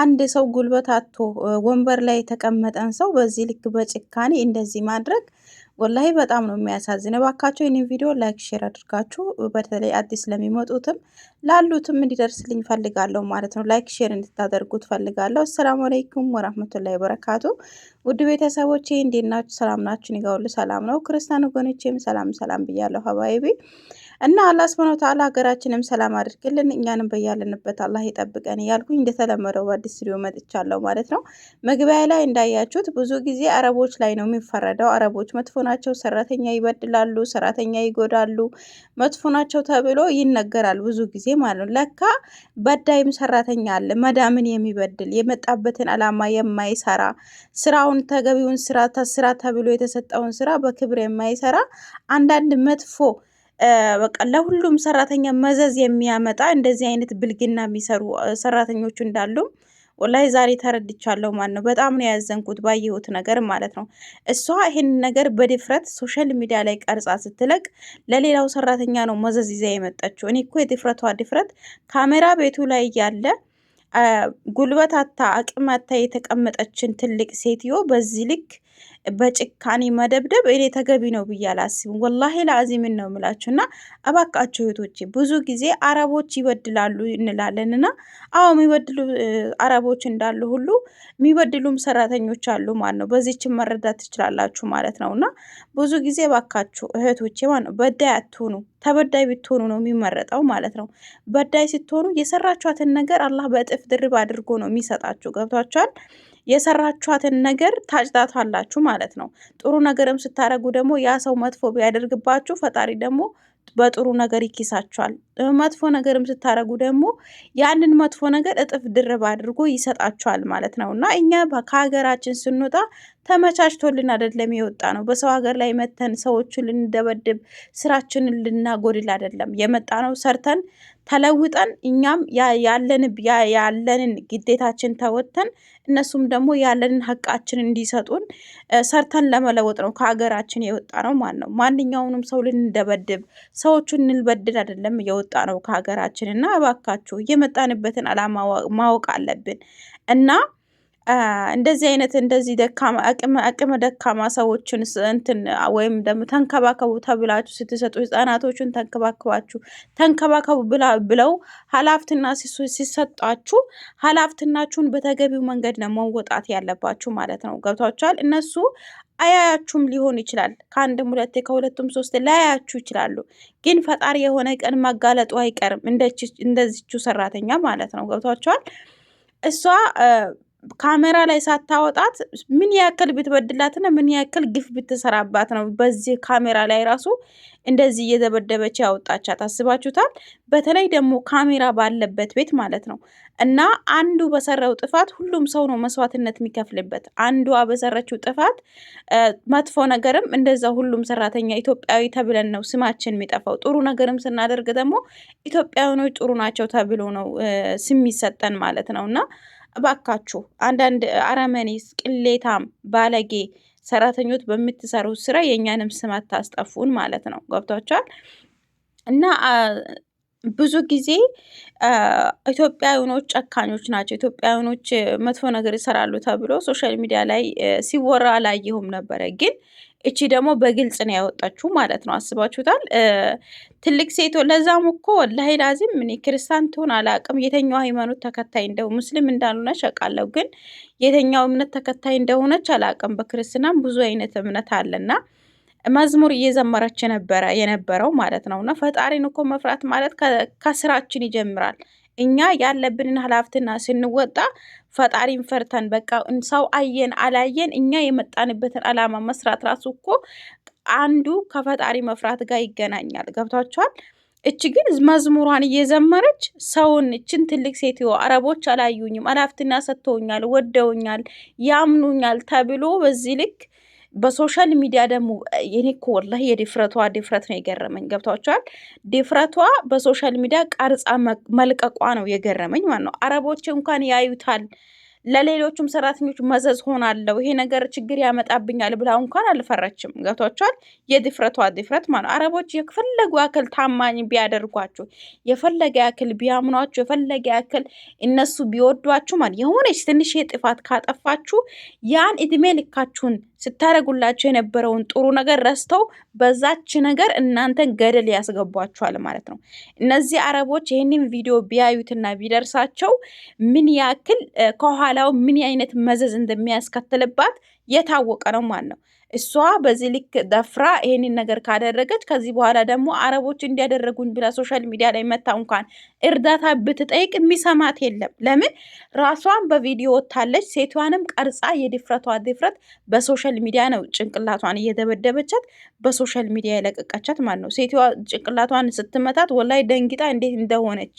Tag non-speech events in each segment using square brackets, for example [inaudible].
አንድ ሰው ጉልበት አቶ ወንበር ላይ የተቀመጠን ሰው በዚህ ልክ በጭካኔ እንደዚህ ማድረግ ወላሂ በጣም ነው የሚያሳዝን። እባካቸው ይህንን ቪዲዮ ላይክ፣ ሼር አድርጋችሁ በተለይ አዲስ ለሚመጡትም ላሉትም እንዲደርስልኝ ፈልጋለሁ ማለት ነው። ላይክ ሼር እንድታደርጉት ፈልጋለሁ። አሰላሙ አለይኩም ወራህመቱላሂ ወበረካቱ። ውድ ቤተሰቦች እንዴት ናችሁ? ሰላም ናችሁ? እኔ ሰላም ነው። ክርስቲያን ወገኖቼም ሰላም ሰላም ብያለሁ። ሀባይቤ እና አላህ ስብን ወተዓላ ሀገራችንም ሰላም አድርግልን እኛንም በያለንበት አላህ ይጠብቀን እያልኩኝ እንደተለመደው በአዲስ ስቱዲዮ መጥቻለሁ ማለት ነው። መግቢያ ላይ እንዳያችሁት ብዙ ጊዜ አረቦች ላይ ነው የሚፈረደው። አረቦች መጥፎ ናቸው፣ ሰራተኛ ይበድላሉ፣ ሰራተኛ ይጎዳሉ፣ መጥፎ ናቸው ተብሎ ይነገራል ብዙ ጊዜ ማለት ነው። ለካ በዳይም ሰራተኛ አለ፣ መዳምን የሚበድል የመጣበትን አላማ የማይሰራ ስራውን ተገቢውን ስራ ስራ ተብሎ የተሰጠውን ስራ በክብር የማይሰራ አንዳንድ መጥፎ በቃ ለሁሉም ሰራተኛ መዘዝ የሚያመጣ እንደዚህ አይነት ብልግና የሚሰሩ ሰራተኞቹ እንዳሉም ወላሂ ዛሬ ተረድቻለሁ ማለት ነው። በጣም ነው ያዘንኩት ባየሁት ነገር ማለት ነው። እሷ ይህን ነገር በድፍረት ሶሻል ሚዲያ ላይ ቀርጻ ስትለቅ ለሌላው ሰራተኛ ነው መዘዝ ይዛ የመጣችው። እኔ እኮ የድፍረቷ ድፍረት ካሜራ ቤቱ ላይ ያለ ጉልበታታ አቅማታ የተቀመጠችን ትልቅ ሴትዮ በዚህ ልክ በጭካኔ መደብደብ እኔ ተገቢ ነው ብዬ አላስብም። ወላሂ ለአዚምን ነው የምላችሁ። እና እባካችሁ እህቶቼ ብዙ ጊዜ አረቦች ይበድላሉ እንላለን እና አዎ የሚበድሉ አረቦች እንዳሉ ሁሉ የሚበድሉም ሰራተኞች አሉ ማለት ነው። በዚችን መረዳት ትችላላችሁ ማለት ነው። እና ብዙ ጊዜ እባካችሁ እህቶቼ ማለት ነው በዳይ አትሆኑ፣ ተበዳይ ብትሆኑ ነው የሚመረጠው ማለት ነው። በዳይ ስትሆኑ የሰራችኋትን ነገር አላህ በእጥፍ ድርብ አድርጎ ነው የሚሰጣችሁ። ገብቷችኋል? የሰራችኋትን ነገር ታጭታቷላችሁ ማለት ነው። ጥሩ ነገርም ስታደርጉ ደግሞ ያ ሰው መጥፎ ቢያደርግባችሁ ፈጣሪ ደግሞ በጥሩ ነገር ይኪሳችኋል። መጥፎ ነገርም ስታደርጉ ደግሞ ያንን መጥፎ ነገር እጥፍ ድርብ አድርጎ ይሰጣችኋል ማለት ነው እና እኛ ከሀገራችን ስንወጣ ተመቻችቶልን አይደለም የወጣ ነው። በሰው ሀገር ላይ መተን ሰዎቹን ልንደበድብ ስራችንን ልናጎድል አይደለም የመጣ ነው። ሰርተን ተለውጠን እኛም ያለንን ግዴታችን ተወጥተን እነሱም ደግሞ ያለንን ሀቃችን እንዲሰጡን ሰርተን ለመለወጥ ነው ከሀገራችን የወጣ ነው ማለት ነው። ማንኛውንም ሰው ልንደበድብ ሰዎቹን ልንበድል አይደለም የወጣ ነው ከሀገራችን እና እባካችሁ የመጣንበትን አላማ ማወቅ አለብን እና እንደዚህ አይነት እንደዚህ ደካማ አቅም ደካማ ሰዎችን እንትን ወይም ደግሞ ተንከባከቡ ተብላችሁ ስትሰጡ ህጻናቶቹን ተንከባከባችሁ ተንከባከቡ ብለው ሀላፍትና ሲሰጧችሁ ሀላፍትናችሁን በተገቢው መንገድ ነው መወጣት ያለባችሁ ማለት ነው። ገብቷችኋል? እነሱ አያያችሁም ሊሆን ይችላል። ከአንድም ሁለቴ ከሁለቱም ሶስት ላያያችሁ ይችላሉ። ግን ፈጣሪ የሆነ ቀን መጋለጡ አይቀርም እንደዚችው ሰራተኛ ማለት ነው። ገብቷችኋል? እሷ ካሜራ ላይ ሳታወጣት ምን ያክል ብትበድላትና ምን ያክል ግፍ ብትሰራባት ነው በዚህ ካሜራ ላይ ራሱ እንደዚህ እየደበደበች ያወጣቻት? አስባችሁታል? በተለይ ደግሞ ካሜራ ባለበት ቤት ማለት ነው። እና አንዱ በሰራው ጥፋት ሁሉም ሰው ነው መስዋዕትነት የሚከፍልበት። አንዷ በሰረችው ጥፋት መጥፎ ነገርም እንደዛ ሁሉም ሰራተኛ ኢትዮጵያዊ ተብለን ነው ስማችን የሚጠፋው። ጥሩ ነገርም ስናደርግ ደግሞ ኢትዮጵያውያኖች ጥሩ ናቸው ተብሎ ነው ስም ይሰጠን ማለት ነው እና እባካችሁ አንዳንድ አረመኔስ፣ ቅሌታም፣ ባለጌ ሰራተኞች በምትሰሩት ስራ የእኛንም ስም አታስጠፉን ማለት ነው። ገብቷቸዋል እና ብዙ ጊዜ ኢትዮጵያውያኖች ጨካኞች ናቸው፣ ኢትዮጵያውያኖች መጥፎ ነገር ይሰራሉ ተብሎ ሶሻል ሚዲያ ላይ ሲወራ አላየሁም ነበረ ግን እቺ ደግሞ በግልጽ ነው ያወጣችሁ ማለት ነው። አስባችሁታል። ትልቅ ሴቶ ለዛም እኮ ወላሂ ላዚም እኔ ክርስቲያን ትሆን አላውቅም የተኛው ሃይማኖት ተከታይ እንደው ሙስሊም እንዳልሆነች አውቃለሁ፣ ግን የተኛው እምነት ተከታይ እንደሆነች አላውቅም። በክርስትናም ብዙ አይነት እምነት አለና መዝሙር እየዘመረች ነበረ የነበረው ማለት ነው። እና ፈጣሪን እኮ መፍራት ማለት ከስራችን ይጀምራል። እኛ ያለብንን ሀላፍትና ስንወጣ ፈጣሪን ፈርተን በቃ ሰው አየን አላየን እኛ የመጣንበትን ዓላማ መስራት ራሱ እኮ አንዱ ከፈጣሪ መፍራት ጋር ይገናኛል። ገብቷችኋል? እች ግን መዝሙሯን እየዘመረች ሰውን እችን ትልቅ ሴትዮ አረቦች አላዩኝም፣ አላፍትና ሰጥተውኛል፣ ወደውኛል፣ ያምኑኛል ተብሎ በዚህ ልክ በሶሻል ሚዲያ ደግሞ የኔ እኮ ወላሂ የድፍረቷ ድፍረት ነው የገረመኝ። ገብቷቸዋል። ድፍረቷ በሶሻል ሚዲያ ቀርጻ መልቀቋ ነው የገረመኝ ማለት ነው። አረቦች እንኳን ያዩታል ለሌሎቹም ሰራተኞች መዘዝ ሆናለሁ፣ ይሄ ነገር ችግር ያመጣብኛል ብላ እንኳን አልፈረችም። ገብቷቸዋል። የድፍረቷ ድፍረት ማለት አረቦች የፈለጉ ያክል ታማኝ ቢያደርጓችሁ፣ የፈለገ ያክል ቢያምኗችሁ፣ የፈለገ ያክል እነሱ ቢወዷችሁ ማለት የሆነች ትንሽ ጥፋት ካጠፋችሁ ያን እድሜ ልካችሁን ስታደረጉላቸው የነበረውን ጥሩ ነገር ረስተው በዛች ነገር እናንተን ገደል ያስገቧችኋል ማለት ነው። እነዚህ አረቦች ይህንን ቪዲዮ ቢያዩትና ቢደርሳቸው ምን ያክል ከኋላ በኋላው ምን አይነት መዘዝ እንደሚያስከትልባት የታወቀ ነው ማለት ነው። እሷ በዚህ ልክ ደፍራ ይሄንን ነገር ካደረገች ከዚህ በኋላ ደግሞ አረቦች እንዲያደረጉን ብላ ሶሻል ሚዲያ ላይ መታ እንኳን እርዳታ ብትጠይቅ የሚሰማት የለም። ለምን ራሷን በቪዲዮ ወታለች። ሴቷንም ቀርጻ የድፍረቷ ድፍረት በሶሻል ሚዲያ ነው ጭንቅላቷን እየደበደበቻት በሶሻል ሚዲያ የለቀቀቻት ማለት ነው። ሴቷ ጭንቅላቷን ስትመታት ወላይ ደንግጣ እንዴት እንደሆነች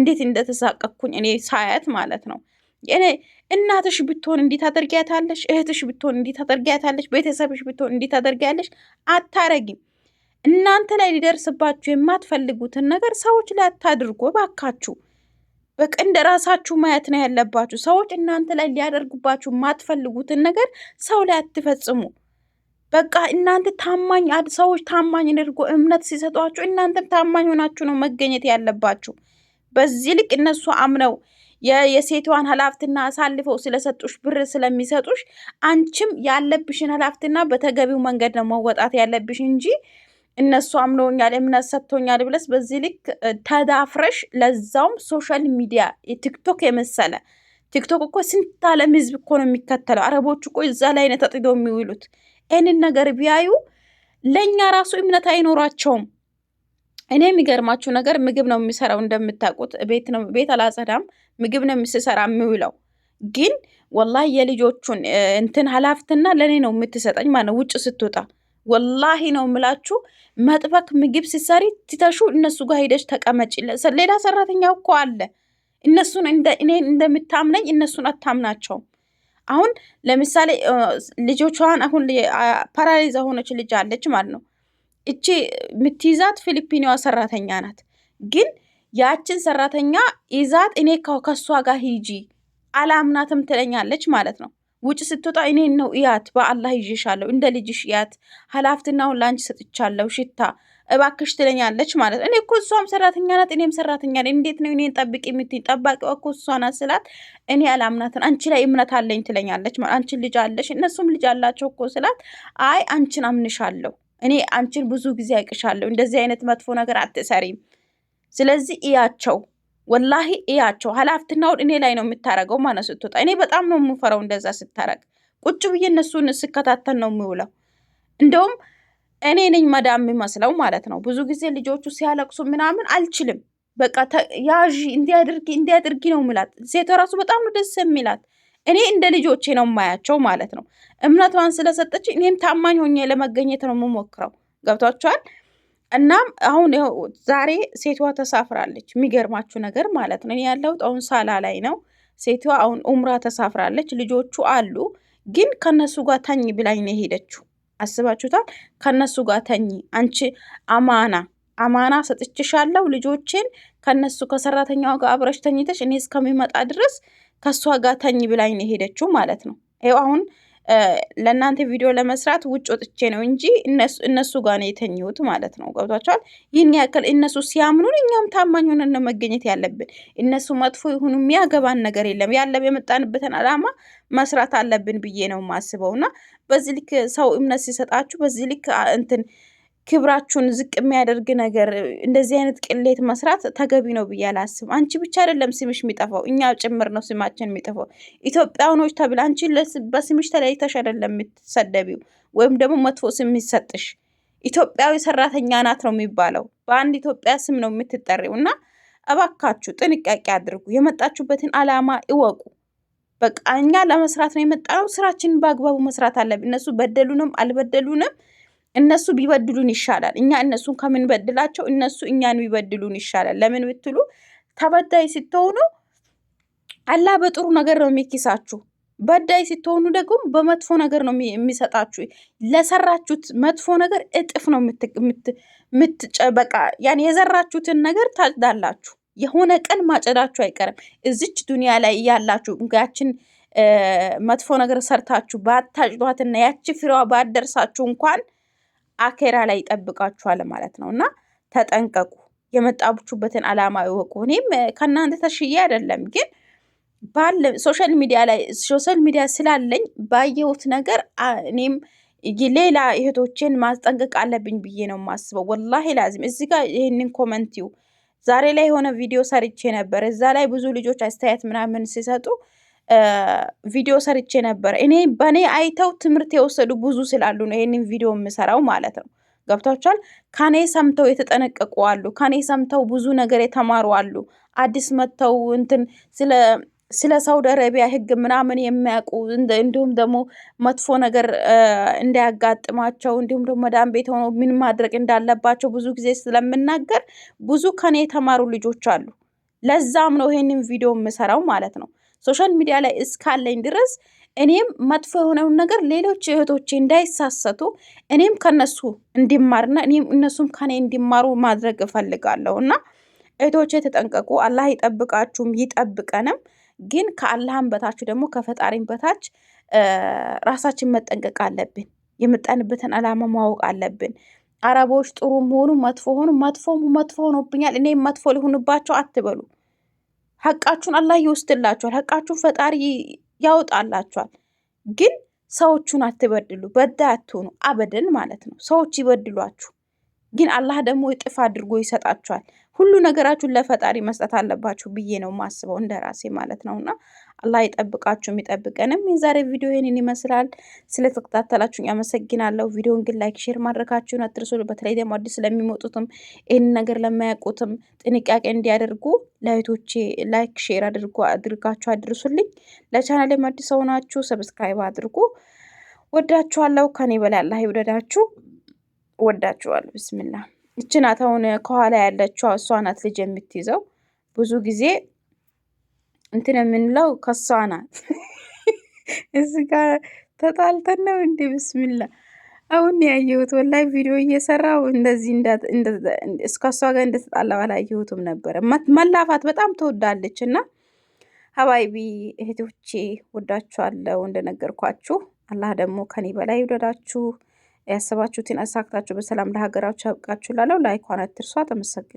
እንዴት እንደተሳቀኩኝ እኔ ሳያት ማለት ነው። እናትሽ ብትሆን እንዴት ታደርጊያታለሽ? እህትሽ ብትሆን እንዴት ታደርጊያታለሽ? ቤተሰብሽ ብትሆን እንዴት ታደርጊያለሽ? አታረጊም። እናንተ ላይ ሊደርስባችሁ የማትፈልጉትን ነገር ሰዎች ላይ አታድርጎ ባካችሁ። በቃ እንደ ራሳችሁ ማየት ነው ያለባችሁ። ሰዎች እናንተ ላይ ሊያደርጉባችሁ የማትፈልጉትን ነገር ሰው ላይ አትፈጽሙ። በቃ እናንተ ታማኝ ሰዎች ታማኝ አድርጎ እምነት ሲሰጧችሁ እናንተም ታማኝ ሆናችሁ ነው መገኘት ያለባችሁ። በዚህ ልክ እነሱ አምነው የሴቷን ኃላፊትና አሳልፈው ስለሰጡሽ ብር ስለሚሰጡሽ አንቺም ያለብሽን ኃላፊትና በተገቢው መንገድ ነው መወጣት ያለብሽ እንጂ እነሱ አምነውኛል እምነት ሰጥቶኛል ብለስ በዚህ ልክ ተዳፍረሽ ለዛውም ሶሻል ሚዲያ ቲክቶክ የመሰለ ቲክቶክ እኮ ስንት ዓለም ህዝብ እኮ ነው የሚከተለው። አረቦች እኮ እዛ ላይ ነው ተጥዶ የሚውሉት። ይህንን ነገር ቢያዩ ለእኛ ራሱ እምነት አይኖራቸውም። እኔ የሚገርማችሁ ነገር ምግብ ነው የሚሰራው። እንደምታውቁት ቤት ነው ቤት አላጸዳም፣ ምግብ ነው የምስሰራ የሚውለው ግን ወላ የልጆቹን እንትን ሀላፍትና ለእኔ ነው የምትሰጠኝ ማለት ውጭ ስትወጣ ወላሂ ነው የምላችሁ፣ መጥበቅ ምግብ ሲሰሪ ትተሹ እነሱ ጋር ሄደች ተቀመጭ። ሌላ ሰራተኛ እኮ አለ። እነሱን እኔ እንደምታምነኝ እነሱን አታምናቸውም። አሁን ለምሳሌ ልጆቿን አሁን ፓራሊዛ ሆነች ልጅ አለች ማለት ነው እቺ የምትይዛት ፊሊፒኒዋ ሰራተኛ ናት። ግን ያችን ሰራተኛ ይዛት እኔ ከሷ ጋር ሂጂ አላምናትም ትለኛለች ማለት ነው። ውጭ ስትወጣ እኔን ነው እያት፣ በአላህ ይዤሻለሁ፣ እንደ ልጅሽ እያት፣ ሀላፍትናውን ለአንቺ ሰጥቻለሁ፣ ሽታ እባክሽ ትለኛለች ማለት ነው። እኔ እኮ እሷም ሰራተኛ ናት፣ እኔም ሰራተኛ ነኝ። እንዴት ነው እኔን ጠብቅ የምትይኝ? ጠባቂዋ እኮ እሷ ናት ስላት እኔ አላምናትን፣ አንቺ ላይ እምነት አለኝ ትለኛለች። አንቺን ልጅ አለሽ፣ እነሱም ልጅ አላቸው እኮ ስላት አይ አንቺን አምንሻለሁ እኔ አንቺን ብዙ ጊዜ አይቅሻለሁ። እንደዚህ አይነት መጥፎ ነገር አትሰሪም። ስለዚህ እያቸው፣ ወላሂ እያቸው። ሀላፍትናውን እኔ ላይ ነው የምታረገው ማለት ስትወጣ። እኔ በጣም ነው የምፈረው እንደዛ ስታረግ። ቁጭ ብዬ እነሱን ስከታተል ነው የሚውለው። እንደውም እኔ ነኝ መዳም የሚመስለው ማለት ነው። ብዙ ጊዜ ልጆቹ ሲያለቅሱ ምናምን አልችልም። በቃ ያዥ እንዲያድርጊ እንዲያድርጊ ነው የሚላት። ሴቷ ራሱ በጣም ነው ደስ የሚላት። እኔ እንደ ልጆቼ ነው የማያቸው ማለት ነው። እምነቷን ስለሰጠች እኔም ታማኝ ሆኜ ለመገኘት ነው የምሞክረው። ገብቷቸዋል። እናም አሁን ዛሬ ሴቷ ተሳፍራለች። የሚገርማችሁ ነገር ማለት ነው እኔ ያለሁት አሁን ሳላ ላይ ነው። ሴቷ አሁን ኡምራ ተሳፍራለች። ልጆቹ አሉ፣ ግን ከነሱ ጋር ተኝ ብላኝ ነው የሄደችው። አስባችሁታል? ከነሱ ጋር ተኝ አንቺ አማና አማና ሰጥችሻለሁ ልጆቼን ከነሱ ከሰራተኛው ጋር አብረሽ ተኝተሽ እኔ እስከሚመጣ ድረስ ከእሷ ጋር ተኝ ብላኝ ነው የሄደችው ማለት ነው። ይኸው አሁን ለእናንተ ቪዲዮ ለመስራት ውጭ ወጥቼ ነው እንጂ እነሱ ጋር ነው የተኙት ማለት ነው። ገብቷቸዋል። ይህን ያክል እነሱ ሲያምኑን እኛም ታማኝ ሆነን ነው መገኘት ያለብን። እነሱ መጥፎ የሆኑ የሚያገባን ነገር የለም። ያለ የመጣንበትን አላማ መስራት አለብን ብዬ ነው የማስበው እና በዚህ ልክ ሰው እምነት ሲሰጣችሁ በዚህ ልክ እንትን ክብራችሁን ዝቅ የሚያደርግ ነገር እንደዚህ አይነት ቅሌት መስራት ተገቢ ነው ብዬ አላስብም። አንቺ ብቻ አይደለም ስምሽ የሚጠፋው፣ እኛ ጭምር ነው ስማችን የሚጠፋው። ኢትዮጵያውኖች ተብላ አንቺ በስምሽ ተለይተሽ አይደለም የምትሰደቢው ወይም ደግሞ መጥፎ ስም የሚሰጥሽ ኢትዮጵያዊ ሰራተኛ ናት ነው የሚባለው። በአንድ ኢትዮጵያ ስም ነው የምትጠሪው። እና እባካችሁ ጥንቃቄ አድርጉ፣ የመጣችሁበትን አላማ እወቁ። በቃ እኛ ለመስራት ነው የመጣነው። ስራችንን በአግባቡ መስራት አለብን። እነሱ በደሉንም አልበደሉንም እነሱ ቢበድሉን ይሻላል። እኛ እነሱን ከምንበድላቸው እነሱ እኛን ቢበድሉን ይሻላል። ለምን ብትሉ ተበዳይ ስትሆኑ አላህ በጥሩ ነገር ነው የሚኪሳችሁ። በዳይ ስትሆኑ ደግሞ በመጥፎ ነገር ነው የሚሰጣችሁ። ለሰራችሁት መጥፎ ነገር እጥፍ ነው የምትጨበቃ። ያን የዘራችሁትን ነገር ታጭዳላችሁ። የሆነ ቀን ማጨዳችሁ አይቀርም። እዚች ዱንያ ላይ እያላችሁ ያችን መጥፎ ነገር ሰርታችሁ ባታጭዷትና ያቺ ፍሬዋ ባደርሳችሁ እንኳን አኬራ ላይ ይጠብቃችኋል ማለት ነው እና ተጠንቀቁ። የመጣችሁበትን አላማ ይወቁ። እኔም ከእናንተ ተሽዬ አይደለም ግን ባለ ሶሻል ሚዲያ ላይ ሶሻል ሚዲያ ስላለኝ ባየሁት ነገር እኔም ሌላ እህቶችን ማስጠንቀቅ አለብኝ ብዬ ነው የማስበው። ወላሂ ላዚም እዚህ ጋር ይህንን ኮመንት ዛሬ ላይ የሆነ ቪዲዮ ሰርቼ ነበር። እዛ ላይ ብዙ ልጆች አስተያየት ምናምን ሲሰጡ ቪዲዮ ሰርቼ ነበር። እኔ በእኔ አይተው ትምህርት የወሰዱ ብዙ ስላሉ ነው ይህንን ቪዲዮ የምሰራው ማለት ነው። ገብቷቸዋል። ከኔ ሰምተው የተጠነቀቁ አሉ። ከኔ ሰምተው ብዙ ነገር የተማሩ አሉ። አዲስ መጥተው እንትን ስለ ስለ ሳውዲ አረቢያ ሕግ ምናምን የሚያውቁ እንዲሁም ደግሞ መጥፎ ነገር እንዳያጋጥማቸው እንዲሁም ደግሞ መዳም ቤት ሆኖ ምን ማድረግ እንዳለባቸው ብዙ ጊዜ ስለምናገር ብዙ ከኔ የተማሩ ልጆች አሉ። ለዛም ነው ይሄንን ቪዲዮ የምሰራው ማለት ነው። ሶሻል ሚዲያ ላይ እስካለኝ ድረስ እኔም መጥፎ የሆነውን ነገር ሌሎች እህቶቼ እንዳይሳሰቱ እኔም ከነሱ እንዲማርና እኔም እነሱም ከኔ እንዲማሩ ማድረግ እፈልጋለሁ እና እህቶቼ ተጠንቀቁ። አላህ ይጠብቃችሁም ይጠብቀንም። ግን ከአላህም በታች ደግሞ ከፈጣሪም በታች ራሳችን መጠንቀቅ አለብን። የመጣንበትን አላማ ማወቅ አለብን። አረቦች ጥሩ ሆኑ መጥፎ ሆኑ መጥፎ መጥፎ ሆኖብኛል እኔም መጥፎ ሊሆንባቸው አትበሉ። ሀቃችሁን አላህ ይወስድላችኋል። ሀቃችሁን ፈጣሪ ያወጣላችኋል። ግን ሰዎቹን አትበድሉ፣ በዳይ አትሆኑ። አበደን ማለት ነው። ሰዎች ይበድሏችሁ፣ ግን አላህ ደግሞ እጥፍ አድርጎ ይሰጣችኋል። ሁሉ ነገራችሁን ለፈጣሪ መስጠት አለባችሁ ብዬ ነው ማስበው እንደ ራሴ ማለት ነው። እና አላህ ይጠብቃችሁ የሚጠብቀንም። የዛሬ ቪዲዮ ይህንን ይመስላል። ስለተከታተላችሁኝ አመሰግናለሁ። ቪዲዮን ግን ላይክ፣ ሼር ማድረጋችሁን አትርሱ። በተለይ ደግሞ አዲስ ስለሚመጡትም ይህን ነገር ለማያውቁትም ጥንቃቄ እንዲያደርጉ ለእህቶቼ ላይክ፣ ሼር አድርጋችሁ አድርሱልኝ። ለቻናሌ አዲስ ሆናችሁ ሰብስክራይብ አድርጉ። ወዳችኋለሁ። ከኔ በላይ አላህ ይውደዳችሁ። ወዳችኋለሁ። ብስምላ እች ናት አሁን ከኋላ ያለችው እሷ ናት ልጅ የምትይዘው። ብዙ ጊዜ እንትን የምንለው ከሷ ናት። [laughs] እዚህ ጋር ተጣልተን ነው እንዴ? ብስምላ አሁን ያየሁት ወላይ ቪዲዮ እየሰራው እንደዚህ እስከሷ ጋር እንደተጣላ አላየሁትም ነበረ። መላፋት በጣም ትወዳለች እና ሀባይቢ እህቶቼ ወዳችኋለሁ። እንደነገርኳችሁ አላህ ደግሞ ከኔ በላይ ይውደዳችሁ። ያሰባችሁትን አሳክታችሁ በሰላም ለሀገራችሁ ያብቃችሁ። ላለው ላይኳን አትርሷ። ተመሰግናለሁ።